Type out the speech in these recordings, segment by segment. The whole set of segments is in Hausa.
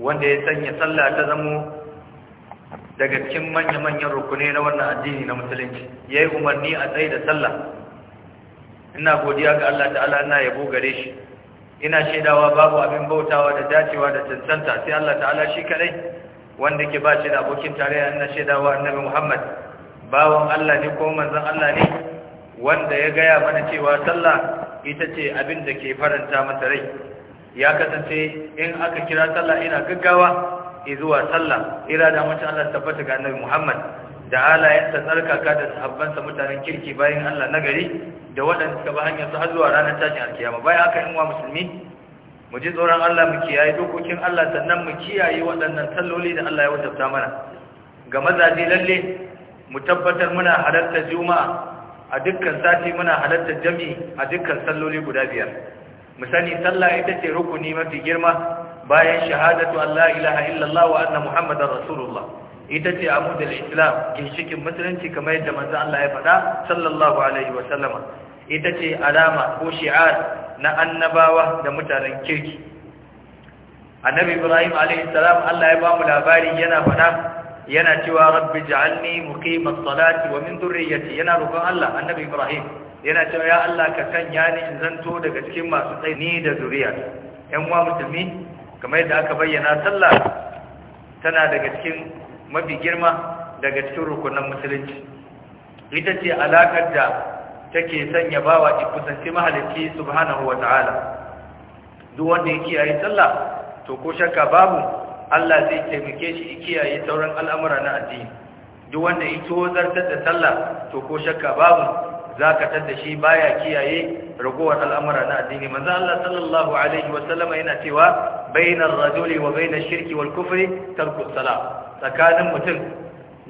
wanda ya sanya sallah ta zamo daga cikin manya-manyan rukuni na wannan addini na musulunci yayi umarni a tsaye da sallah ina godiya ga Allah ta'ala na yabo gare shi ina shaidawa babu abin bautawa da dacewa da tantanta sai Allah ta'ala shi kadai wanda ke ba shi da abokin tarayya ina shaidawa annabi Muhammad bawon Allah ne ko manzon Allah ne wanda ya gaya mana cewa sallah ita ce abin da ke faranta masa rai ya kasance in aka kira sallah ina gaggawa zuwa sallah ira da mutum Allah tabbata ga annabi Muhammad da tsarka tsarkaka da sahabbansa mutanen kirki bayan Allah nagari da waɗanda suka ba hanyar su har zuwa ranar tashin alkiyama bayan aka yin wa musulmi mu ji tsoron Allah mu kiyaye dokokin Allah sannan mu kiyaye waɗannan salloli da Allah ya wajabta mana ga mazaje lalle mu tabbatar muna halartar juma'a a dukkan sati muna halartar jami'i a dukkan salloli guda biyar misali sallah ita ce rukuni mafi girma bayan shahadatu Allah ilaha illallah wa anna muhammadar rasulullah ita ce amudul islam ginshikin musulunci kamar yadda manzo Allah ya faɗa sallallahu alaihi wa sallama ita ce alama ko shi'ar na annabawa da mutanen kirki annabi ibrahim alaihi salam Allah ya ba mu labari yana faɗa yana cewa rabbi ja'alni muqimas salati wa min dhurriyyati yana roƙon Allah annabi Ibrahim yana cewa ya Allah ka sanya ni in zanto daga cikin masu tsaini da zuriya ƴan uwa musulmi kamar yadda aka bayyana sallah tana daga cikin mafi girma daga cikin rukunan musulunci ita ce alakar da take sanya bawa ki kusanci mahalicci subhanahu wata'ala duk wanda ya kiyaye sallah to ko shakka babu Allah zai taimake shi ya kiyaye sauran al'amura na addini duk wanda ya tozartar da sallah to ko shakka babu za ka tadda shi baya kiyaye ragowar al'amura na addini manzo Allah sallallahu alaihi wasallama yana cewa bainar rajuli wa bainar shirki wal kufri tarku sala tsakanin mutum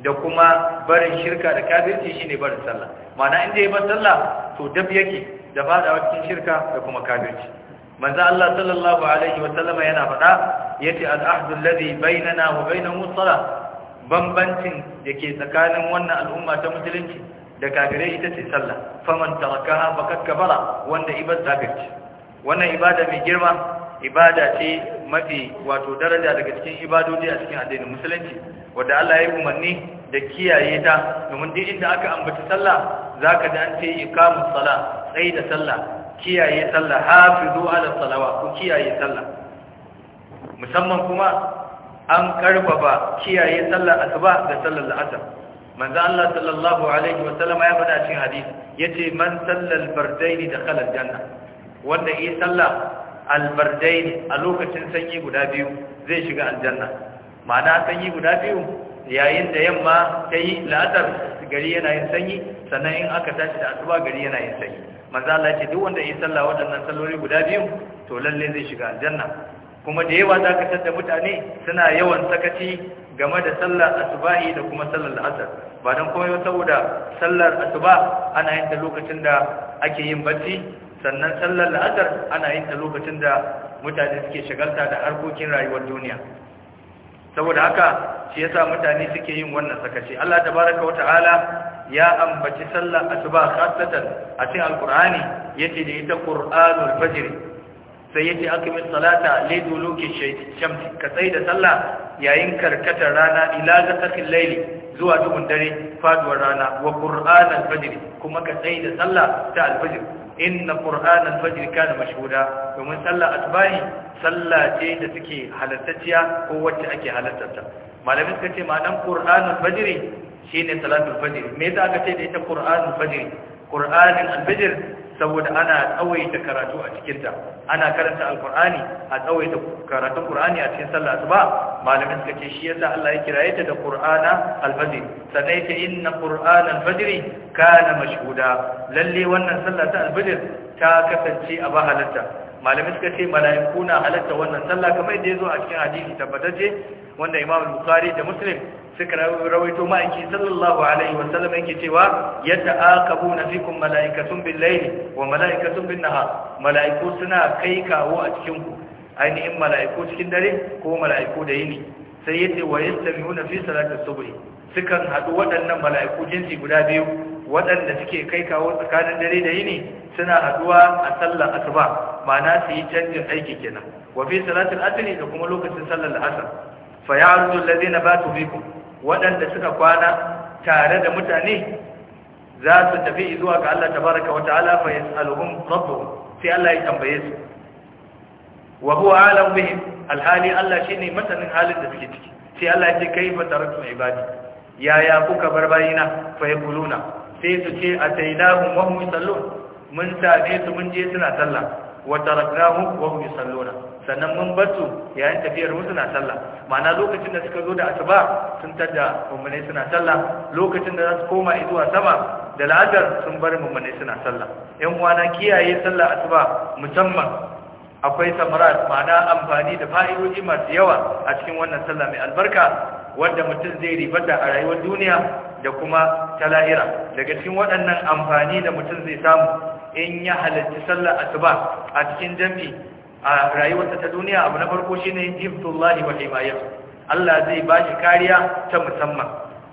da kuma barin shirka da kafirci shine barin sallah ma'ana inda ya bar sallah to dab yake da fada cikin shirka da kuma kafirci manzo Allah sallallahu alaihi wasallama yana faɗa yace al-ahdu alladhi bainana wa bainahum salah bambancin ke tsakanin wannan al'umma ta musulunci da kafirai ita ce sallah faman tarakaha faqad kafara wanda ibada kafirci wannan ibada mai girma ibada ce mafi wato daraja daga cikin ibadoji a cikin addinin musulunci wanda Allah ya umarni da kiyaye ta domin duk inda aka ambaci sallah zaka da an ce iqamus sala sai da sallah kiyaye sallah hafizu ala salawa ku kiyaye sallah musamman kuma an karfafa kiyaye sallah asuba da sallar la'asar manzo Allah sallallahu alaihi wa sallam ya faɗa cikin hadisi yace man sallal fardaini dakhala aljanna wanda yi al albardaini a lokacin sanyi guda biyu zai shiga aljanna ma'ana sanyi guda biyu yayin da yamma ta yi la'asar gari yana yin sanyi sannan in aka tashi da asuba gari yana yin sanyi manzo Allah ce duk wanda yi salla waɗannan salloli guda biyu to lalle zai shiga aljanna kuma da yawa zaka ka tada mutane suna yawan sakaci game da sallar asubahi da kuma sallar asar ba don komai saboda sallar asuba ana yin ta lokacin da ake yin bacci sannan sallar asar ana yin ta lokacin da mutane suke shagalta da harkokin rayuwar duniya saboda haka shi yasa mutane suke yin wannan sakaci Allah tabaraka wa ta'ala ya ambaci sallar asuba khassatan a cikin alqur'ani yace da ita qur'anul fajr sai yace akmil salata liduluki shamsi ka tsai da sallah yayin karkatar rana ila zakil layli zuwa dubun dare faduwar rana wa qur'an al-fajr kuma ka tsai da sallah ta al-fajr inna qur'an al-fajr kana mashhuda domin sallah atbahi sallah ce da take halartacciya ko wacce ake halartarta malamin ka ce ma'anan qur'an al-fajr shine salatul fajr me yasa aka ce da ita qur'an al-fajr qur'an al-fajr saboda ana tsawaita karatu a cikinta ana karanta alkur'ani a tsawaita karatun qur'ani a cikin sallah asuba malamin suka ce shi yasa Allah ya kiraye ta da qur'ana al-fajr sannan yake inna qur'ana al-fajr kana mashhuda lalle wannan sallah ta al-fajr ta kasance a ba bahalarta malamin suka ce mala'iku na halatta wannan sallah kamar yadda yazo a cikin hadisi tabbatacce wanda Imam Bukhari da Muslim suka rawaito ma'aiki sallallahu alaihi wasallam yake cewa yadda aqabu nafikum malaikatun bil layli wa malaikatun bin nahar malaiku suna kai kawo a cikin ku ainihin malaiku cikin dare ko malaiku da yini sai yace wa yastami'una fi salati subh sukan hadu waɗannan malaiku jinsi guda biyu waɗanda suke kai kawo tsakanin dare da yini suna haduwa a sallar asuba ma'ana su yi canjin aiki kenan wa fi salatul asri da kuma lokacin sallar asar fa ya'rudu alladhina batu bikum waɗanda suka kwana tare da mutane za su tafi zuwa ga Allah tabaraka wa ta'ala fa yas'aluhum rabbuhum sai Allah ya tambaye su wa huwa alam bihim alhali Allah shine masanin halin da suke ciki sai Allah ya ce kaifa taraktu ibadi yaya kuka bar bayina fa yaquluna sai su ce ataynahum wa hum yusallun mun same su mun je suna sallah wa taraknahum wa hum yusalluna sannan mun batu yayin tafiyar mu suna sallah ma'ana lokacin da suka zo da asuba sun tada mummune suna sallah lokacin da za su koma zuwa sama da la'adar sun bar mummune suna sallah yan uwana kiyaye sallah asuba musamman akwai samarat ma'ana amfani da fa'idoji masu yawa a cikin wannan sallah mai albarka wanda mutum zai ribar da a rayuwar duniya da kuma ta lahira daga cikin waɗannan amfani da mutum zai samu in ya halarci sallah asuba a cikin jam'i. a rayuwarsa ta duniya abu na farko shi shine hifdullahi wa himayatu Allah zai ba shi kariya ta musamman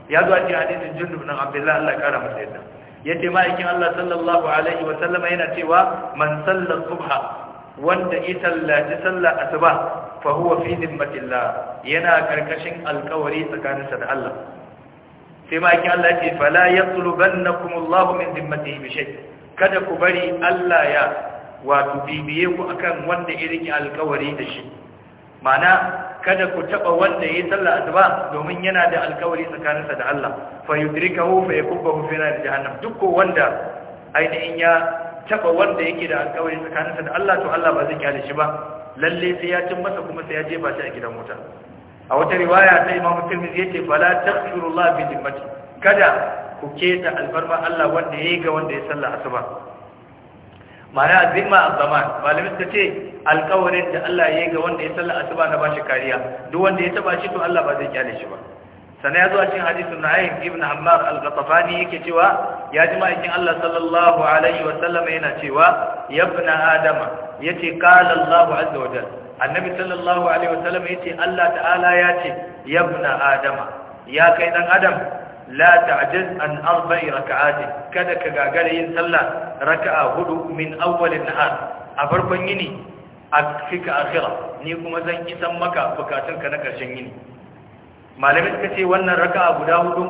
ya zo a cikin hadisin Jundub bin Abdullah Allah ya kara masa yadda yace ma'aikin Allah sallallahu alaihi wa sallama yana cewa man salla subha wanda ita sallaci sallah asuba fa huwa fi dhimmatillah yana karkashin alkawari tsakaninsa da Allah sai ma'aikin Allah ya yace fala yatlubannakum Allah min dhimmatihi bi shay kada ku bari Allah ya wato bibiye ku akan wanda ya rike alkawari da shi mana kada ku taba wanda ya sallar asuba domin yana da alkawari tsakaninsa da Allah fa yudrikahu fa yakubbahu fi nar jahannam duk ko wanda ainihin ya taba wanda yake da alkawari tsakaninsa da Allah to Allah ba zai kyale shi ba lalle sai ya cin masa kuma sai ya jefa shi a gidan wuta a wata riwaya ta Imam Tirmidhi yace fala taghfirullah bi dimmati kada ku keta alfarma Allah wanda yayi ga wanda ya sallar asuba ma'ana zimma a zaman malamin suka ce alkawarin da Allah ya yi ga wanda ya salla asuba na bashi kariya duk wanda ya taba shi to Allah ba zai kyale shi ba sannan ya zo a cikin hadisin ibn Hammar al-Ghatafani yake cewa ya ji ma'aikin Allah sallallahu alaihi wa sallama yana cewa ya ibn adama ce qala Allahu azza wa jalla annabi sallallahu alaihi wa sallama yace Allah ta'ala ya ce ya ibn adama ya kai dan adam la ta'jiz an arba'i rak'ati kada ka gagara yin sallah raka'a hudu min awwalin nahar a farkon yini a fika akhira ni kuma zan isan maka bukatunka na karshen yini malamin suka ce wannan raka'a guda hudu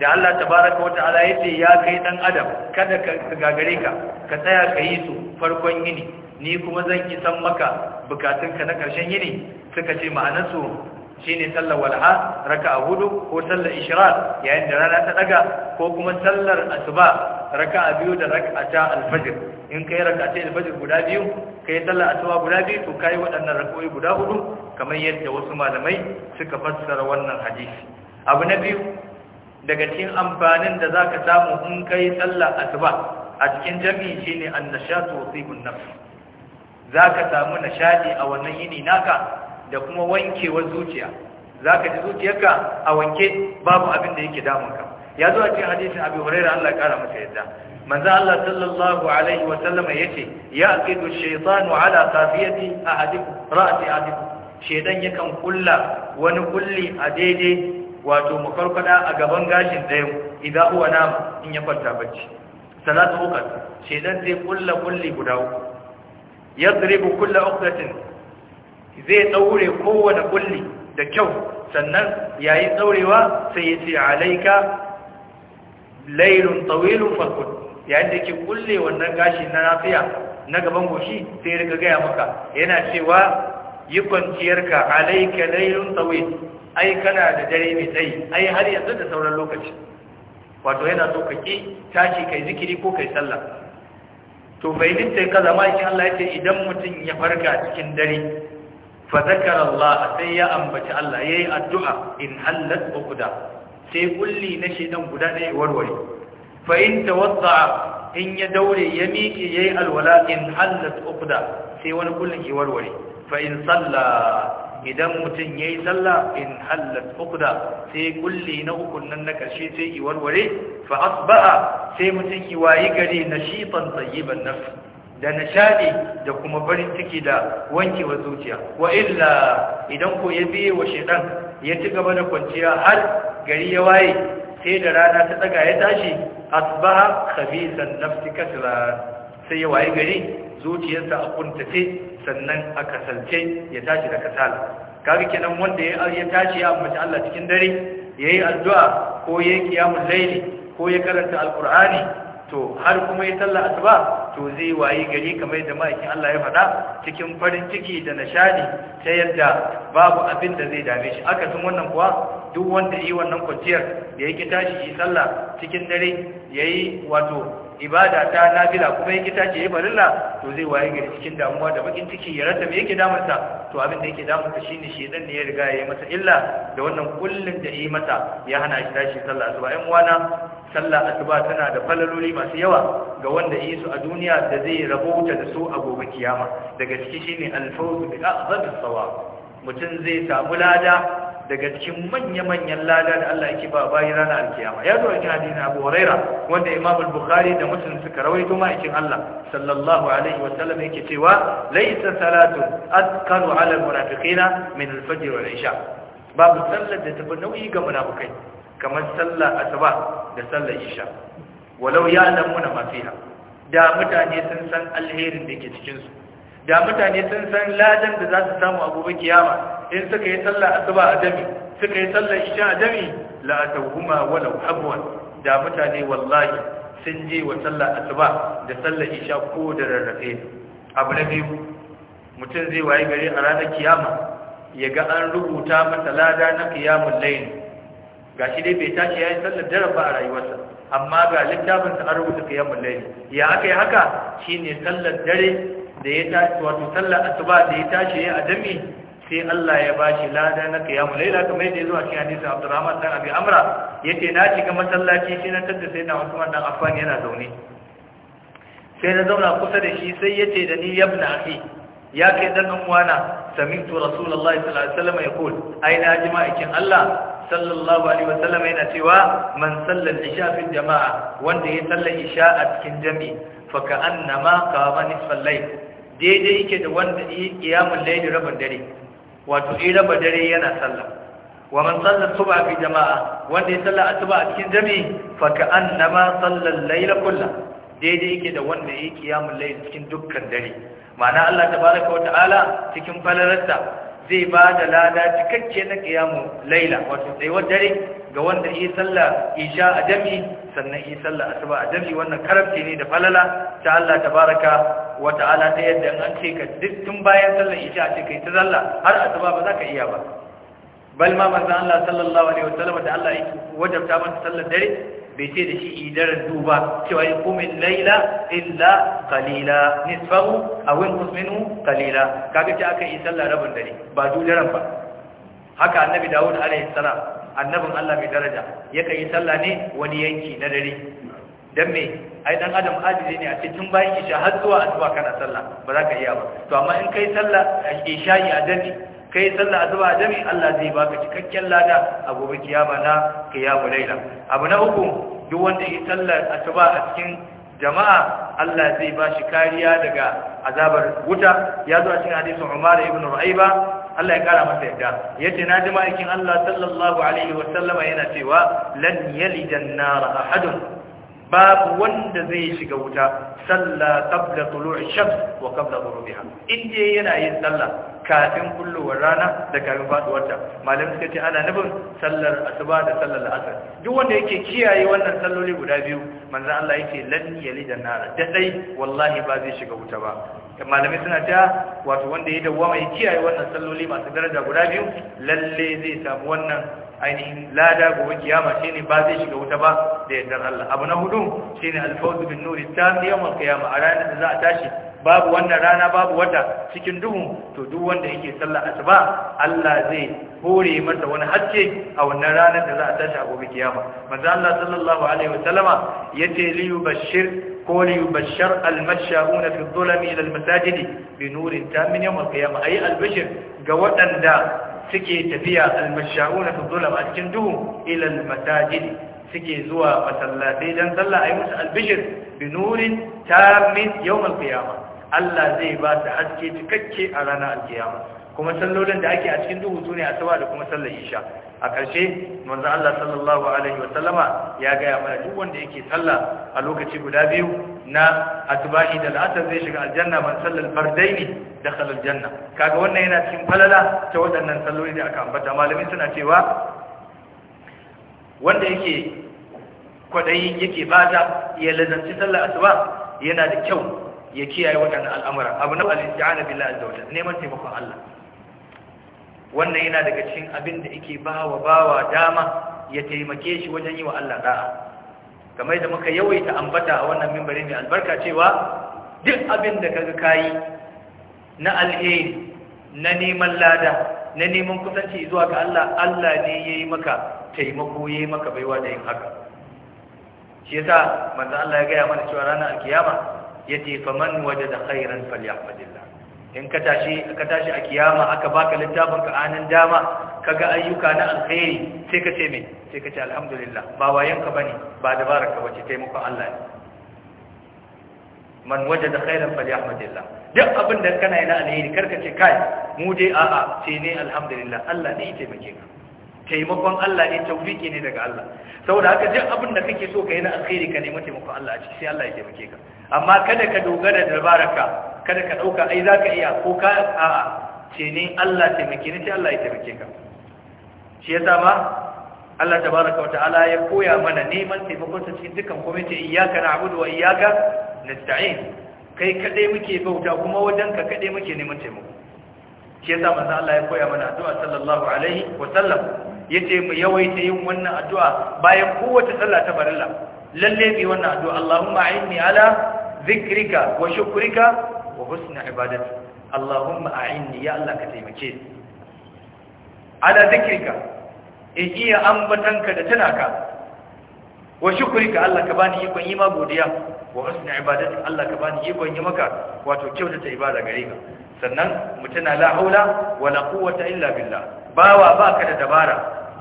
da Allah tabaaraka wa ta'ala yace ya kai dan adam kada ka gagare ka ka tsaya ka yi su farkon yini ni kuma zan isan maka bukatunka na karshen yini suka ce ma'anar su Shi ne sallar walha a hudu ko sallar ishira yayin da rana ta daga ko kuma sallar asuba raka a biyu da raka a ta alfajir. in ka yi a ta alfajir guda biyu kai sallar asuba guda biyu to ka yi waɗannan rakoyi guda hudu kamar yadda wasu malamai suka fassara wannan hadisi abu na biyu daga cikin amfanin da za ka samu in ka yi sallar asuba a cikin jami'i ne annashatu wa tibun Za ka samu nishadi a wannan yini naka da kuma wankewar zuciya za ka ji zuciyarka a wanke babu abin da yake damunka ya zo a cikin hadisin abu huraira Allah ya kara masa yadda manzo Allah sallallahu alaihi wa sallama ce? ya aqidu shaytanu ala safiyati ahadikum ra'si ahadikum shedan yakan kulla wani kulli a daidai wato makarkada a gaban gashin dayan idan huwa nama in ya kwanta bacci salatu ukat Shaidan zai kulla kulli guda uku yadribu kulla uqdatin zai daure kowane kulli da kyau sannan yayi daurewa sai ya ce alaika laylun tawilun farkun yayin da ke kulle wannan gashi na nafiya na gaban goshi sai ya riga gaya maka yana cewa yi kwanciyarka alaika laylun tawil ai kana da dare mai tsayi ai har yanzu da sauran lokaci wato yana so ka ki tashi kai zikiri ko kai sallah to bai dinta kaza ma Allah ya ce idan mutum ya farka cikin dare fa sai ya ambaci Allah yayi addu'a in hallat uqda sai kulli na shedan guda ɗaya warware fa in tawadda in ya daure ya miƙe yayi alwala in hallat uqda sai wani kullin ya warware fa in idan mutum yayi sallah in hallat uqda sai kulli na ukunan na karshe sai ya warware fa asbaha sai mutum ya wayi gare nashitan tayyiban nafsi da nishadi da kuma barin ciki da wankewa zuciya wa illa idan ko ya biye wa shedan ya ci gaba da kwanciya har gari ya waye sai da rana ta daga ya tashi asbaha khabisan nafsi kasra sai ya waye gari zuciyarsa a kuntace sannan a kasalce ya tashi da kasala kaga kenan wanda ya tashi ya ambaci Allah cikin dare yayi addu'a ko yayi qiyamul layli ko ya karanta alqur'ani to har kuma ya sallah asuba to zai wayi gari kamar da ma'aikin Allah ya faɗa cikin farin ciki da nishadi ta yadda babu abin da zai dame shi aka tun wannan kuwa duk wanda yi wannan kwanciyar ya yi tashi yi sallah cikin dare yayi wato ibada ta nafila kuma yake tace yi barilla to zai waye gari cikin damuwa da bakin ciki ya rasa me yake damunsa to abin da yake damunsa shine shedan ne ya riga ya yi masa illa da wannan kullun da yi masa ya hana shi tashi sallah asuba wana sallah asuba tana da falaloli masu yawa ga wanda yi su a duniya da zai rabauta da su a gobe kiyama daga ciki shine al-fawz bi a'zami thawab mutum zai samu lada daga cikin manya-manyan lada da Allah yake ba bayi rana alkiyama ya zo cikin hadisin Abu Huraira wanda Imam al-Bukhari da Muslim suka rawaito ma cikin Allah sallallahu alaihi wa sallam yake cewa laysa salatu athqalu ala al-munafiqina min al-fajr wal isha babu sallar da tafi nauyi ga munafikai kamar sallar asuba da sallar isha walau ya'lamuna ma fiha da mutane sun san alherin da ke cikin su da mutane sun san ladan da za su samu a gobe kiyama in suka yi sallah asuba a jami suka yi sallah isha a jami la atawhuma walau habwan da mutane wallahi sun je wa sallah asuba da sallah isha ko da rarrafe abu na biyu mutum zai waye gari a ranar kiyama ya ga an rubuta masa lada na kiyamun Ga shi dai bai tashi ya yi sallar dare ba a rayuwarsa amma ga littafinsa an rubuta kiyamun lain ya aka yi haka shi ne sallar dare da ya tashi wato sallar asuba da ya tashi ya adami sai Allah ya bashi lada na kiyamu laila kamar yadda zuwa cikin hadisin Abdurrahman dan Abi Amra yace na shiga masallaci shi na tada sai na Usman dan Affan yana zaune sai na zauna kusa da shi sai yace da ni yabna akhi ya kai dan uwana sami'tu rasulullahi sallallahu alaihi wasallam yaqul ai na jima'in Allah sallallahu alaihi wasallam yana cewa man sallal isha fi jama'a wanda ya salla isha a cikin jami'i fa ka'annama qama nisfal layl daidai yake da wanda yi qiyamul layl rabin dare wato in raba dare yana sallah wa man salla subha fi jama'a wanda ya salla asuba a cikin jami'i fa ka'annama salla al-layla kulla, daidai yake da wanda yake kiyamul layl cikin dukkan dare ma'ana Allah tabaraka wa ta'ala cikin falalarsa zai ba da lada cikakke na kiyamu layla, wato tsayuwar dare ga wanda yi sallah isha a jami sannan yi sallah asuba a jami wannan karamci ne da falala ta Allah tabaraka wa ta'ala ta yadda an ce ka duk tun bayan sallar isha a ce kai ta zalla har asuba ba za ka iya ba bal ma manzo Allah sallallahu alaihi wasallam da Allah ya wajabta masa sallar dare bai ce da shi idaran duba cewa ya kuma laila illa qalila nisfahu aw inqus minhu qalila kaga ce aka yi sallar rabin dare ba dujaran ba haka annabi Dawud alaihi salam annabin Allah mai daraja yake yi sallah ne wani yanki na dare dan me ai dan adam ajizi ne a cikin bayan isha har zuwa asuba kana sallah ba za ka iya ba to amma in kai sallah isha a dami kai sallah asuba a dami Allah zai baka cikakken lada a gobe kiyama na kiyamu laila abu na uku duk wanda yi sallar asuba a cikin jama'a Allah zai ba shi kariya daga azabar wuta ya zo a cikin hadisin Umar ibn Ru'ayba Allah ya kara masa yadda yace na ji ma'aikin Allah sallallahu alaihi wa sallama yana cewa lan yalijan nar ahadun babu wanda zai shiga wuta salla qabla tulu'i shams wa qabla ghurubiha yana yin sallah kafin kullowar rana da kafin faduwar ta malamin suka ce ana nufin sallar asuba da sallar asar duk wanda yake kiyaye wannan salloli guda biyu manzo Allah yake lan yalida nar da dai wallahi ba zai shiga wuta ba malamai suna ta wato wanda ya dawwama ya kiyaye wannan salloli masu daraja guda biyu lalle zai samu wannan ainihin lada gobe kiyama ne ba zai shiga wuta ba da yardar Allah abu na hudu ne alfawzu bin nuri ta yawan kiyama a ranar da za a tashi babu wannan rana babu wata cikin duhu to duk wanda yake sallar asuba Allah zai hore masa wani haske a wannan ranar da za a tashi a gobe kiyama manzo Allah sallallahu alaihi wasallama yace li yubashshir ko li yubashshar al fi dhulami ila al bi nurin tamin yawm al ay al ga waɗanda suke tafiya almasha'una fi zulum a cikin duhu ila almasajid suke zuwa masallatai dan sallah ayi musu albishir bi nurin tamin yawm alqiyama Allah zai ba su haske cikakke a ranar alkiyama kuma sallolin da ake a cikin duhu sune asuba da kuma sallar isha a ƙarshe manzan Allah sallallahu alaihi wasallama ya gaya mana duk wanda yake sallah a lokaci guda biyu na asubahi da al'asr zai shiga aljanna man sallal fardaini dakhala janna. kaga wannan yana cikin falala ta waɗannan salloli da aka ambata malamin suna cewa wanda yake kwaɗayi yake bata ya lazanci sallar asuba yana da kyau ya kiyaye waɗannan al'amura abu na al billahi azza wa neman taimakon Allah wannan yana daga cikin abin da yake bawa bawa dama ya taimake shi wajen yi wa Allah da'a kamar da muka yawaita ambata a wannan mimbari mai albarka cewa duk abin da kaga kayi na alheri na neman lada na neman kusanci zuwa ga Allah Allah ne yayi maka taimako yayi maka baiwa da yin haka shi yasa manzo Allah ya gaya mana cewa ranar alkiyama yace faman wajada khairan falyahmadillah in ka tashi a kiyama aka baka littafin ka anan dama kaga ayyuka na alkhairi sai ka ce me sai ka ce alhamdulillah ba wayan ka bane ba dabarar ka bace taimakon Allah ne man wajada khairan falyahmadillah duk abin da kana yana alheri karka ce kai mu dai a'a sai ne alhamdulillah Allah ne ya taimake ka taimakon Allah ne tawfiki ne daga Allah saboda haka duk abin da kake so ka yi na alkhairi ka nemi taimakon Allah a ciki sai Allah ya taimake ka amma kada ka dogara da dabaraka kada ka dauka ai zaka iya ko ka a'a ce ne Allah taimake ni sai Allah ya taimake ka shi yasa ma Allah tabaraka wa ta'ala ya koya mana neman taimakon sa cikin dukkan komai ce iyyaka na'budu wa iyyaka nasta'in kai kadai muke bauta kuma wajen ka kadai muke neman taimako shi yasa manzo Allah ya koya mana addu'a sallallahu alaihi wa sallam yace mu yawaita yin wannan addu'a bayan kowace sallah ta farilla lalle bi wannan addu'a Allahumma a'inni ala zikrika wa shukrika wa husni ibadati Allahumma a'inni ya Allah ka taimake ala zikrika in iya ambatanka da tanaka wa shukrika Allah ka bani ikon yi ma godiya wa husni ibadati Allah ka bani ikon yi maka wato kyautata ibada gare ka sannan mutuna la haula wala quwwata illa billah bawa baka da dabara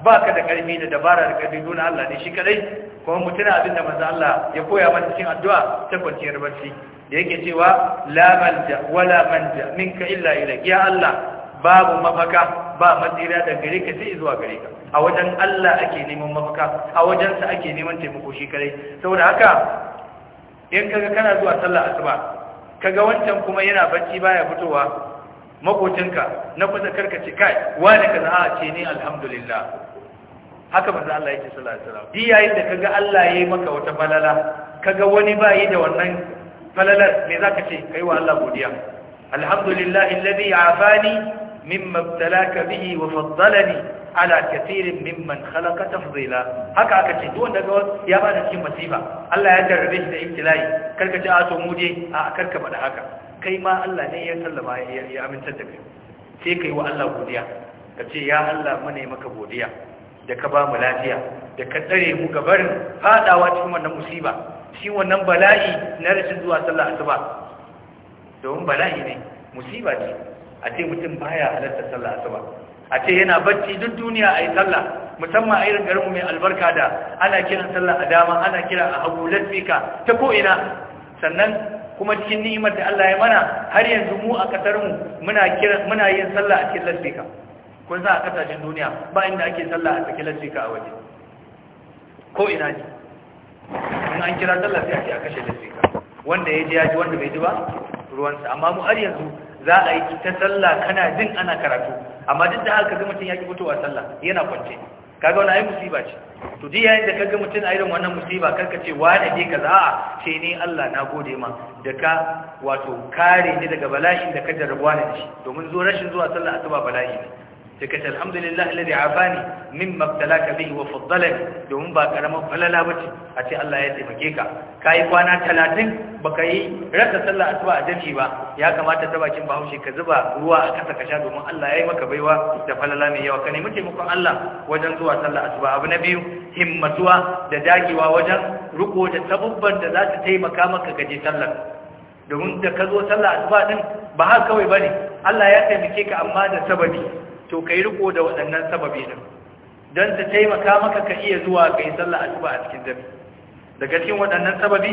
baka da karfi da dabara da karfi nuna Allah ne shi kadai kuma mutuna abin da manzo Allah ya koya mana cikin addu'a ta kwanciyar barci da yake cewa la malja wala manja minka illa ilayk ya Allah babu mafaka ba matsira da gare ka sai zuwa gare ka a wajen Allah ake neman mafaka a wajen sa ake neman taimako shi kadai saboda haka in kaga kana zuwa sallar asuba kaga wancan kuma yana bacci baya fitowa makocinka na kusa karka ce kai wani kaza a ce ni alhamdulillah haka manzo Allah yake sallallahu alaihi wasallam yayin da kaga Allah yayi maka wata falala kaga wani ba yi da wannan falalar me zaka ce kai wa Allah godiya alhamdulillah alladhi afani mimma ibtalaka bihi wa faddalani ala kathirin mimman khalaqa tafdila haka aka ce duk wanda ya bada cikin masifa Allah ya jarrabe shi da ibtilai karka ce a to mu je a karka bada haka kai ma Allah ne ya sallama ya amintar da kai sai kai wa Allah godiya ka ce ya Allah mu ne maka godiya da ka ba mu lafiya da ka tsare mu gabarin fadawa cikin wannan musiba shi wannan bala'i na rashin zuwa sallah asuba domin bala'i ne musiba ce a ce mutum baya halarta sallah asuba a ce yana bacci duk duniya a yi sallah musamman a irin garinmu mai albarka da ana kiran sallah a dama ana kira a hagu lasfika ta ko'ina sannan kuma cikin ni'imar da Allah ya mana har yanzu mu a ƙasar mu muna kira muna yin sallah a cikin lasfika kun sa a ƙasashen duniya ba inda ake sallah a cikin lasfika a waje ko ina ne in an kira sallah sai ake a kashe lasfika wanda ya ji ya ji wanda bai ji ba ruwansa amma mu har yanzu za a yi ta sallah kana jin ana karatu amma duk da haka ga mutum ya ki fitowa sallah yana kwance kaga wani ai musiba ce to ji yayin da ka ga mutum a irin wannan musiba ka ce wane ne ka za'a ce ne Allah na gode ma da ka wato kare ni daga bala'in da ka jarabuwa ne shi domin zo rashin zuwa sallah a asuba bala'i ne sai ce alhamdulillah alladhi afani mimma ibtalaka bihi wa faddalani domin ba karamar falala bace a ce Allah ya taimake ka kai kwana 30 baka yi rasa sallah asuba a jami'i ba ya kamata ta bakin bahaushe ka zuba ruwa a kasa kasha domin Allah ya yi maka baiwa da falala mai yawa ka nemi taimakon Allah wajen zuwa sallah asuba abu na biyu himmatuwa da dagewa wajen riko da da za su taimaka maka gaje sallar domin da ka zo sallah asuba din ba haka kawai bane Allah ya taimake ka amma da sababi to kai riko da waɗannan sababi din don ta taimaka maka ka iya zuwa kai sallah asuba a cikin dare daga cikin waɗannan sababi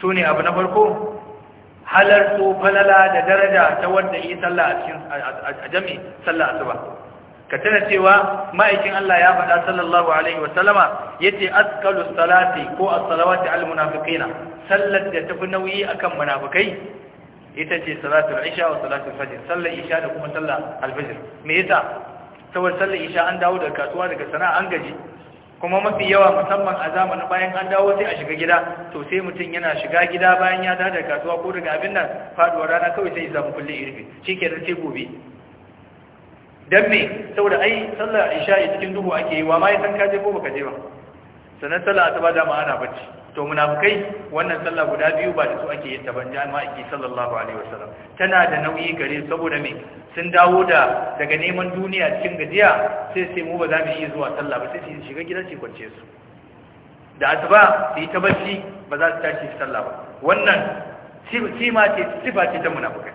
su ne abu na farko Halar halarto falala da daraja ta wanda yi sallah a cikin a jami sallah asuba ka tana cewa ma'aikin Allah ya faɗa sallallahu alaihi wa sallama ya yace asqalus salati ko as al-munafiqina sallar da tafi nauyi akan munafikai ita ce salatul isha wa salatul fajr sallar isha da kuma sallar alfajr me yasa saboda sallar isha an dawo daga kasuwa daga sana'a an gaji kuma mafi yawa musamman a zamanin bayan an dawo sai a shiga gida to sai mutum yana shiga gida bayan ya dawo daga kasuwa ko daga abin nan faduwar rana kawai sai zamu kulle irfi shikenan sai gobe dan me saboda ai sallar isha cikin duhu ake yi wa ma ya san ka je ko baka je ba sanan sallar asuba da ma ana bacci to munafukai wannan sallah guda biyu ba da su ake yin ta ban jami'a ake sallallahu alaihi wasallam tana da nauyi gare saboda me sun dawo da daga neman duniya cikin gajiya sai sai mu ba za mu yi zuwa sallah ba sai su shiga gidan su kwance su da asuba su yi ta bacci ba za su tashi sallah ba wannan sima ce sifa ce ta munafukai.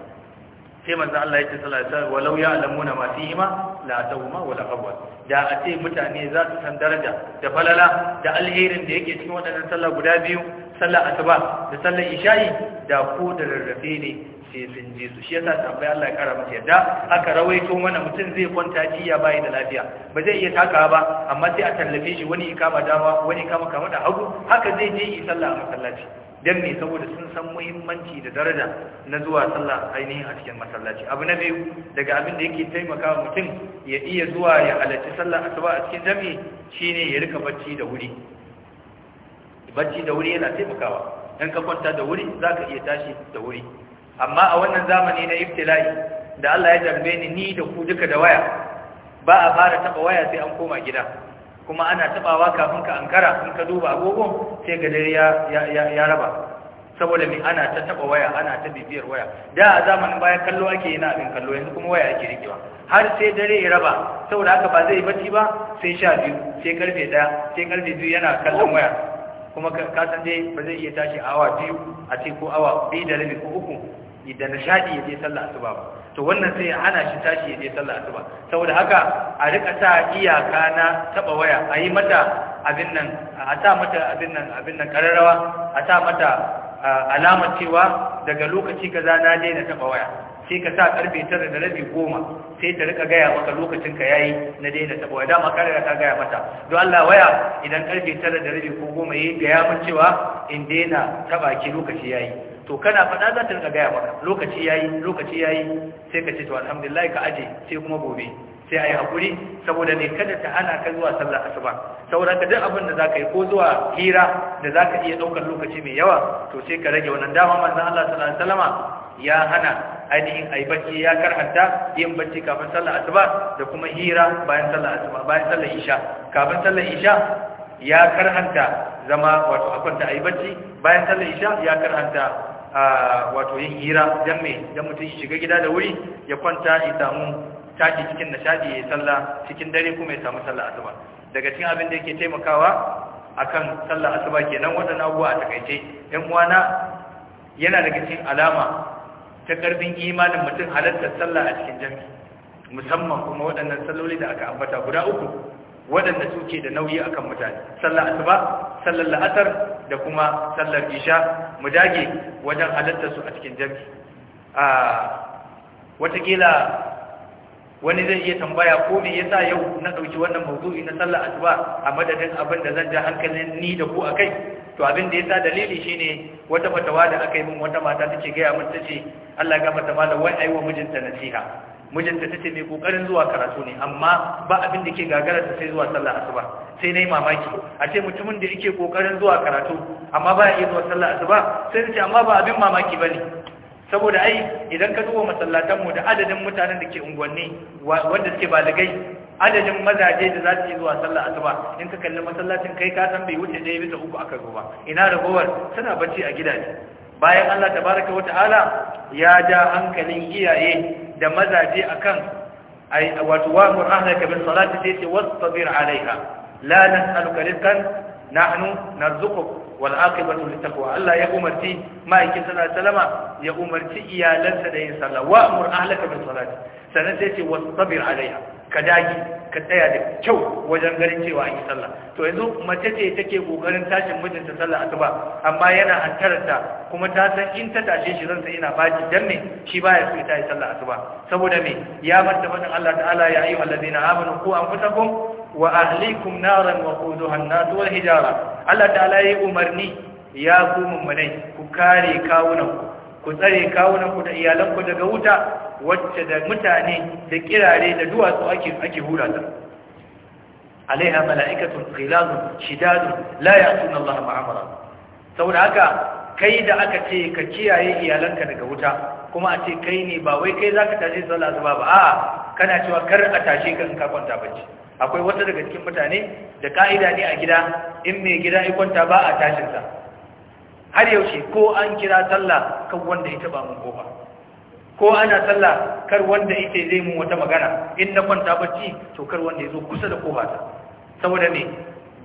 sai manzo Allah yake sallallahu alaihi wasallam walau ya'lamuna ma fihima la tawma wala qabwa da a ce mutane za su san daraja da falala da alherin da yake cikin waɗannan sallah guda biyu sallah asuba da sallah isha'i da ko da rarrafe ne sai sun je su shi yasa tambayi Allah ya kara masa yadda aka rawaito mana mutum zai kwanta jiya bai da lafiya ba zai iya taka ba amma sai a tallafe shi wani kama dama wani ikama kama da hagu haka zai je yi sallah a masallaci dan me saboda sun san muhimmanci da daraja na zuwa sallah ainihin a cikin masallaci abu na biyu daga abin da yake taimakawa mutum ya iya zuwa ya halarci sallah a cikin jami'i shine ya rika bacci da wuri bacci da wuri yana taimakawa dan ka kwanta da wuri zaka iya tashi da wuri amma a wannan zamani na Iftilai, da Allah ya jarbe ni ni da ku duka da waya ba a fara taɓa waya sai an koma gida kuma ana tabawa kafin ka ankara in ka duba agogon sai ga dare ya raba saboda mai ana ta taba waya ana ta bibiyar waya da a zamanin bayan kallo ake yi na abin kallo yanzu kuma waya ake rikewa har sai dare ya raba saboda haka ba zai bacci ba sai sha biyu sai karfe daya sai karfe biyu yana kallon waya kuma ka san dai ba zai iya tashi awa biyu a ce ko awa biyu da rabi ko uku idan nishaɗi ya je sallah asuba ba to wannan sai ana shi tashi ya je asuba saboda haka a rika sa iyaka na taba waya a yi mata abin nan a sa mata abin nan abin nan kararrawa a sa mata alamar cewa daga lokaci kaza na daina taba waya sai ka sa karfe 9 da rabi goma sai ta rika gaya maka lokacin ka yayi na daina taba waya dama ka riga ka gaya mata don Allah waya idan karfe 9 da rabi ko goma yayi ga ya mun cewa in daina taba ki lokaci yayi to kana faɗa za ta rinka gaya maka lokaci yayi lokaci yayi sai ka ce to alhamdulillah ka aje sai kuma gobe sai ai hakuri saboda ne kada ta hana ka zuwa sallar asuba saboda ka duk abin da zaka yi ko zuwa hira da zaka iya daukar lokaci mai yawa to sai ka rage wannan dama manzon Allah sallallahu alaihi wasallam ya hana ainihin ai bacci ya karhanta yin bacci kafin sallar asuba da kuma hira bayan sallar asuba bayan sallar isha kafin sallar isha ya karhanta zama wato akwanta ai bacci bayan sallar isha ya karhanta wato yin hira don mai don mutum shiga gida da wuri ya kwanta ya samu taki cikin nishadi ya sallah cikin dare kuma ya samu sallah asuba daga cikin abin da yake taimakawa akan sallah asuba ke nan wadannan abubuwa a takaice Yan uwana yana daga cikin alama ta ƙarfin imanin mutum halartar sallah a cikin jam'i, musamman kuma waɗannan salloli da aka ambata guda uku waɗanda suke da nauyi akan mutane sallar asuba sallar la'asar da kuma sallar isha mu dage wajen halartar su a cikin jami'a. Ah, a wani zai iya tambaya ko me yasa yau na dauki wannan mawdu'i na sallar asuba a madadin abin da zan ja hankalin ni da ku akai to abin da yasa dalili shine wata fatawa da aka yi min wata mata tace ga ya mun tace Allah ga mata malam wai ayi wa mijinta nasiha mijinta tace mai kokarin zuwa karatu ne amma ba abin da ke gagara ta sai zuwa sallar asuba sai nayi mamaki a ce mutumin da yake kokarin zuwa karatu amma ba ya iya zuwa sallar asuba sai ta ce amma ba abin mamaki bane saboda ai idan ka duba masallatanmu da adadin mutanen da ke unguwanni wanda suke baligai adadin mazaje da za su yi zuwa sallar asuba in ka kalli masallacin kai ka san bai wuce ɗaya bisa uku aka zo ba ina ragowar suna bacci a gidaje bayan Allah tabaraka wa ta'ala ya ja hankalin iyaye da mazaje akan ai wato wa murahlaka bil salati sai ce wastabir alaiha la nas'aluka rizqan nahnu narzuquk wal aqibatu Allah ya umarci ma'aikin sallallahu salama ya umarci iyalansa da yin sallah wa amur ahlaka bis salati sannan sai ce wastabir alaiha ka dage ka tsaya da kyau wajen ganin cewa an yi sallah to yanzu mace ce take kokarin tashin mijinta sallah asuba amma yana hantarta kuma ta san in ta tashe shi ransa yana baci dan me shi baya so ta yi sallah asuba saboda me ya manta fadin Allah ta'ala ya ayyuhallazina amanu qu anfusakum wa ahlikum naran waquduha an-nas wal hijara Allah Ta ya umarni ya ku mummunai ku kare kawunanku ku tsare kawunanku da iyalanku daga wuta wacce da mutane da kirare da duwatsu ake ake hura ta alaiha mala'ikatu ghilazun shidadu la ya'tuna Allah ma'amara saboda haka kai da aka ce ka kiyaye iyalanka daga wuta kuma a ce kai ne ba wai kai zaka tashi sallah zuwa ba aa, kana cewa kar a tashi ka in ka kwanta bacci akwai wata daga cikin mutane da ka'ida ne a gida in mai gida ya kwanta ba a tashinsa har yaushe ko an kira sallah kan wanda ya taba mun kofa ko ana sallah kar wanda yake zai mun wata magana in na kwanta bacci to kar wanda ya zo kusa da kofa saboda me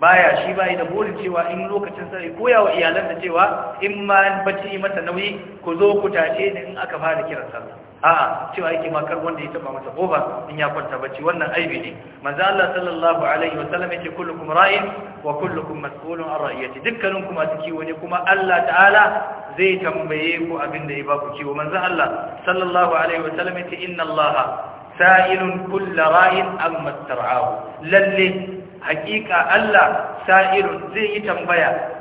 baya shi bai da burin cewa in lokacin sai koya wa iyalan da cewa in ma bacci mata nauyi ku zo ku tace ni in aka fara kiran sallah a cewa yake makar wanda ya taba mata goba in ya kwanta bacci wannan aibi ne manzo Allah sallallahu alaihi wa sallam yake kullukum ra'in wa kullukum mas'ulun an ra'iyati dukkanin kuma su kiwo kuma Allah ta'ala zai tambaye ku abin da ya ba ku kiwo manzo Allah sallallahu alaihi wa sallam yake inna Allah sa'ilun kull ra'in amma tar'ahu lalle hakika Allah sa'ilun zai yi tambaya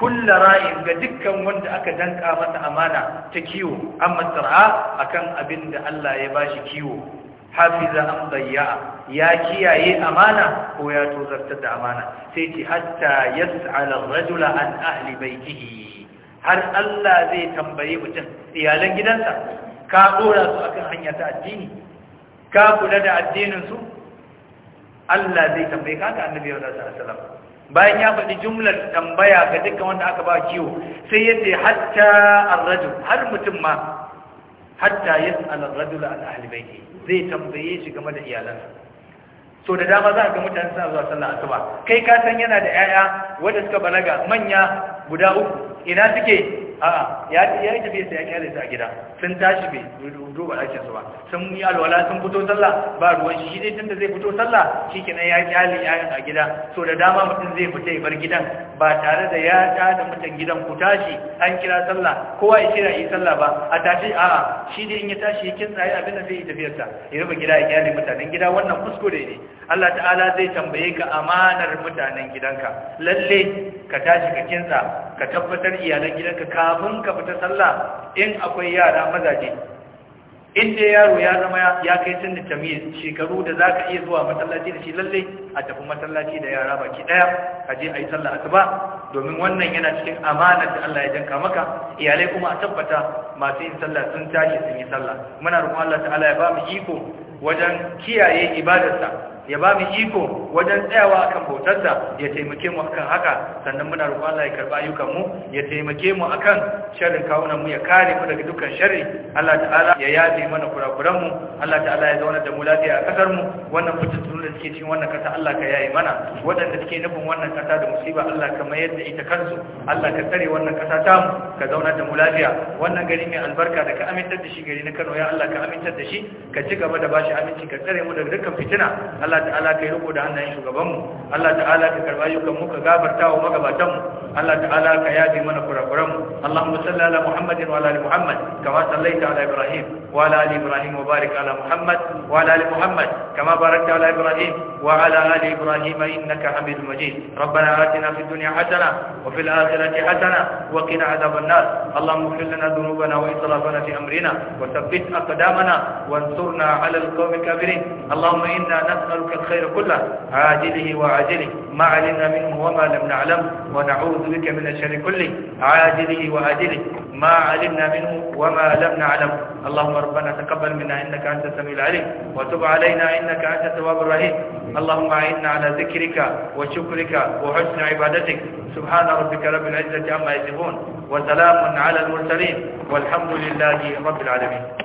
kulla ra'in ga dukkan wanda aka danka masa amana ta kiwo an masar'a akan abin da Allah ya bashi kiwo hafiza an bayya ya kiyaye amana ko ya tozartar da amana sai ce hatta yas'ala rajula an ahli baytihi har Allah zai tambaye mutum iyalan gidansa ka dora su akan hanya ta addini ka kula da addinin su Allah zai tambaye ka ga annabi sallallahu alaihi wasallam bayan ya faɗi jumlar tambaya ga duka wanda aka ba kiwo sai ya hatta har mutum ma hatta yas'al ar-rajul an zai tambaye shi game da iyalansa so da dama za a ga mutane suna zuwa sallah asuba kai ka san yana da 'ya'ya wanda suka balaga manya guda uku ina suke a ya ya yi tafiya sai ya kyale su a gida sun tashi bai duba ɗakin su ba sun yi alwala sun fito sallah ba ruwan shi ne tun da zai fito sallah shi shikenan ya kyale yayin a gida so da dama mutum zai fita ya bar gidan ba tare da ya tada mutan gidan ku tashi an kira sallah kowa ya kira yi sallah ba a tashi a shi dai in ya tashi ya kinsa ya abin da zai yi tafiyarsa ya rufe gida ya kyale mutanen gida wannan kuskure ne Allah ta'ala zai tambaye ka amanar mutanen gidanka lalle ka tashi ka kinsa ka tabbatar iyalan gidanka kafin ka fita sallah in akwai yara mazaje in dai yaro ya zama ya kai sun da shekaru da za ka iya zuwa masallaci da shi lalle a tafi masallaci da yara baki daya ka je a yi sallah asuba domin wannan yana cikin amanar da Allah ya danka maka iyalai kuma a tabbata masu yin sallah sun tashi sun yi sallah muna roƙon Allah ta'ala ya ba mu iko wajen kiyaye ibadarsa ya ba mu iko wajen tsayawa kan bautarsa ya taimake mu akan haka sannan muna roƙon Allah ya karba ayyukan mu ya taimake mu akan sharrin kawunan mu ya kare mu daga dukkan sharri Allah ta'ala ya yaje mana kurakuran mu Allah ta'ala ya zauna da mu lafiya a kasar mu wannan fitattun da suke cikin wannan kasa Allah ka yayi mana waɗanda suke nufin wannan kasa da musiba Allah ka mayar da ita kansu Allah ka tsare wannan kasa ta mu ka zauna da mu lafiya wannan gari mai albarka da ka amintar da shi gari na Kano ya Allah ka amintar da shi ka ci gaba da bashi shi aminci ka tsare mu daga dukkan fitina Allah ta'ala kai riko da hannayen shugaban mu Allah ta'ala ka karba yukan mu ka gafarta wa magabatan mu Allah ta'ala ka yaji mana kurakuran mu Allahumma salli ala Muhammadin wa ala ali Muhammad kama sallaita ala Ibrahim wa ala ali Ibrahim wa barik ala Muhammad wa ala ali Muhammad kama barakta ala Ibrahim وعلى آل إبراهيم إنك حميد مجيد ربنا آتنا في الدنيا حسنة وفي الآخرة حسنة وقنا عذاب النار اللهم اغفر لنا ذنوبنا وإسرافنا في أمرنا وثبت أقدامنا وانصرنا على القوم الكافرين اللهم إنا نسألك الخير كله عاجله وعاجله ما علمنا منه وما لم نعلم ونعوذ بك من الشر كله عاجله وآجله ما علمنا منه وما لم نعلم اللهم ربنا تقبل منا إنك أنت السميع العليم وتب علينا إنك أنت التواب الرحيم اللهم أعنا على ذكرك وشكرك وحسن عبادتك سبحان ربك رب العزة عما يصفون وسلام على المرسلين والحمد لله رب العالمين